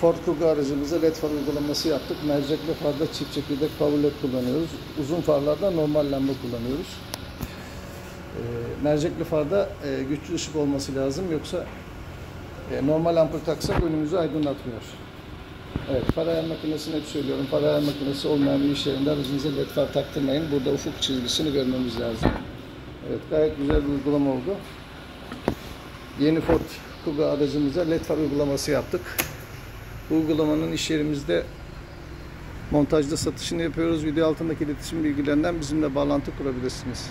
Fortkuk aracımıza led far uygulaması yaptık. Mercekli farda çift çekirdek power led kullanıyoruz. Uzun farlarda normal lamba kullanıyoruz. E, mercekli farda e, güçlü ışık olması lazım. Yoksa e, normal ampul taksak önümüzü aydınlatmıyor. Evet, far ayar makinesini hep söylüyorum. Far ayar makinesi olmayan bir iş yerinde aracınıza led far taktırmayın. Burada ufuk çizgisini görmemiz lazım. Evet, gayet güzel bir uygulama oldu. Yeni Ford Kuga aracımıza led far uygulaması yaptık uygulamanın iş yerimizde montajda satışını yapıyoruz. Video altındaki iletişim bilgilerinden bizimle bağlantı kurabilirsiniz.